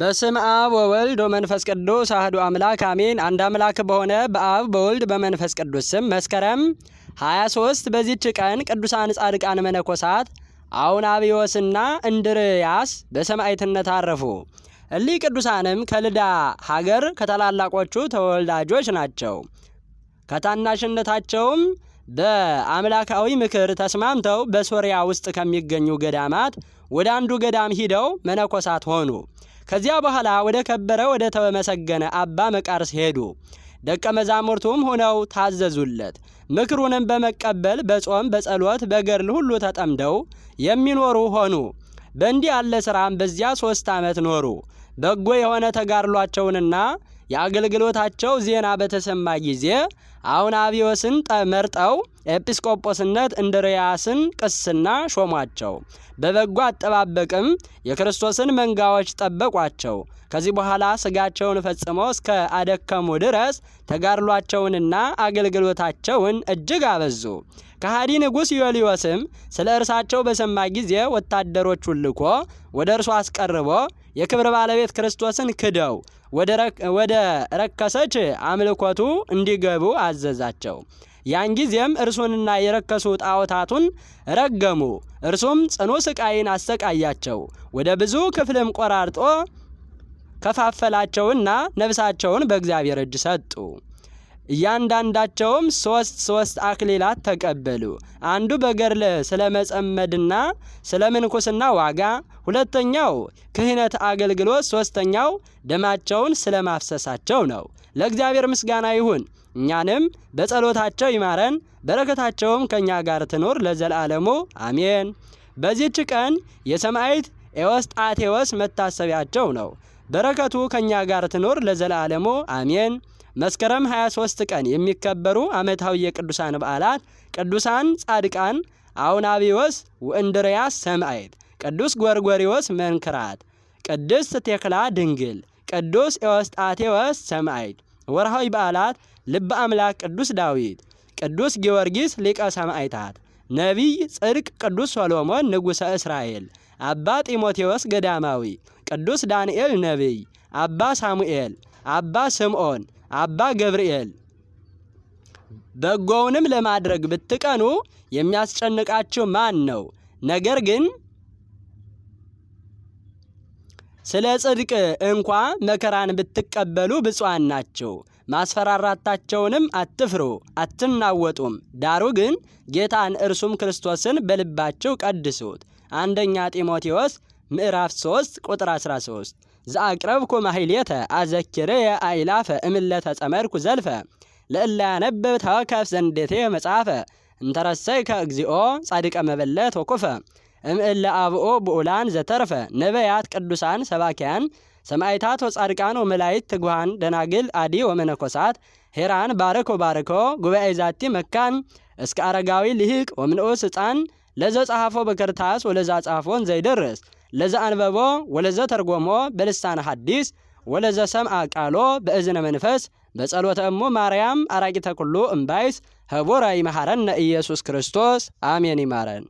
በስም አብ ወወልድ ወመንፈስ ቅዱስ አህዱ አምላክ አሜን። አንድ አምላክ በሆነ በአብ በወልድ በመንፈስ ቅዱስ ስም መስከረም 23 በዚች ቀን ቅዱሳን ጻድቃን መነኮሳት አብዮስና እንድርያስ በሰማዕትነት አረፉ። እሊህ ቅዱሳንም ከልዳ ሀገር ከታላላቆቹ ተወላጆች ናቸው። ከታናሽነታቸውም በአምላካዊ ምክር ተስማምተው በሶሪያ ውስጥ ከሚገኙ ገዳማት ወደ አንዱ ገዳም ሂደው መነኮሳት ሆኑ። ከዚያ በኋላ ወደ ከበረ ወደ ተመሰገነ አባ መቃርስ ሄዱ። ደቀ መዛሙርቱም ሆነው ታዘዙለት። ምክሩንም በመቀበል በጾም በጸሎት በገድል ሁሉ ተጠምደው የሚኖሩ ሆኑ። በእንዲህ ያለ ሥራም በዚያ ሦስት ዓመት ኖሩ። በጎ የሆነ ተጋድሏቸውንና የአገልግሎታቸው ዜና በተሰማ ጊዜ አሁን አብዮስን መርጠው ኤጲስቆጶስነት እንድርያስን ቅስና ሾሟቸው። በበጎ አጠባበቅም የክርስቶስን መንጋዎች ጠበቋቸው። ከዚህ በኋላ ስጋቸውን ፈጽመው እስከ አደከሙ ድረስ ተጋድሏቸውንና አገልግሎታቸውን እጅግ አበዙ። ከሃዲ ንጉሥ ዮልዮስም ስለ እርሳቸው በሰማ ጊዜ ወታደሮቹን ልኮ ወደ እርሱ አስቀርቦ የክብር ባለቤት ክርስቶስን ክደው ወደ ረከሰች አምልኮቱ እንዲገቡ አዘዛቸው። ያን ጊዜም እርሱንና የረከሱ ጣዖታቱን ረገሙ። እርሱም ጽኑ ስቃይን አሰቃያቸው። ወደ ብዙ ክፍልም ቆራርጦ ከፋፈላቸውና ነፍሳቸውን በእግዚአብሔር እጅ ሰጡ። እያንዳንዳቸውም ሶስት ሶስት አክሊላት ተቀበሉ። አንዱ በገርለ ስለ መጸመድና ስለ ምንኩስና ዋጋ፣ ሁለተኛው ክህነት አገልግሎት፣ ሶስተኛው ደማቸውን ስለ ማፍሰሳቸው ነው። ለእግዚአብሔር ምስጋና ይሁን። እኛንም በጸሎታቸው ይማረን፣ በረከታቸውም ከእኛ ጋር ትኖር ለዘላለሙ አሜን። በዚህች ቀን የሰማዕት ኤዎስጣቴዎስ መታሰቢያቸው ነው። በረከቱ ከእኛ ጋር ትኖር ለዘላለሙ አሜን። መስከረም 23 ቀን የሚከበሩ ዓመታዊ የቅዱሳን በዓላት ቅዱሳን ጻድቃን አውናቢዎስ ወእንድርያስ ሰማዕት፣ ቅዱስ ጎርጎሪዎስ መንክራት፣ ቅድስት ቴክላ ድንግል፣ ቅዱስ ኤዎስጣቴዎስ ሰማዕት። ወርሃዊ በዓላት ልበ አምላክ ቅዱስ ዳዊት፣ ቅዱስ ጊዮርጊስ ሊቀ ሰማዕታት፣ ነቢይ ጽድቅ ቅዱስ ሶሎሞን ንጉሠ እስራኤል፣ አባ ጢሞቴዎስ ገዳማዊ፣ ቅዱስ ዳንኤል ነቢይ፣ አባ ሳሙኤል፣ አባ ስምዖን አባ ገብርኤል በጎውንም ለማድረግ ብትቀኑ የሚያስጨንቃችሁ ማን ነው? ነገር ግን ስለ ጽድቅ እንኳ መከራን ብትቀበሉ ብፁዓን ናቸው። ማስፈራራታቸውንም አትፍሩ፣ አትናወጡም። ዳሩ ግን ጌታን እርሱም ክርስቶስን በልባችሁ ቀድሱት። አንደኛ ጢሞቴዎስ ምዕራፍ 3 ቁጥር 13 ዘአቅረብኩ ማሂሌተ አዘኪርየ አይላፈ እምለተ ጸመድኩ ዘልፈ ለእላ ያነብብ ታወከፍ ዘንዴቴ መጽሐፈ እንተረሰይከ እግዚኦ ጻድቀ መበለት ወኩፈ እምእለ አብኦ ብኡላን ዘተርፈ ነበያት ቅዱሳን ሰባኪያን ሰማይታት ወጻድቃን ወመላይት ትጉሃን ደናግል አዲ ወመነኮሳት ሄራን ባረኮ ባረኮ ጉባኤ ዛቲ መካን እስከ አረጋዊ ልሂቅ ወምንኡስ ሕፃን ለዘ ጸሐፎ በከርታስ ወለዛ ጻፎን ዘይደርስ ለዘ አንበቦ ወለዘ ተርጎሞ በልሳነ ሐዲስ ወለዘ ሰምዐ ቃሎ በእዝነ መንፈስ በጸሎተ እሙ ማርያም አራቂተ ኩሉ እምባይስ ህቡረ ይመሐረነ ኢየሱስ ክርስቶስ አሜን። ይማረን።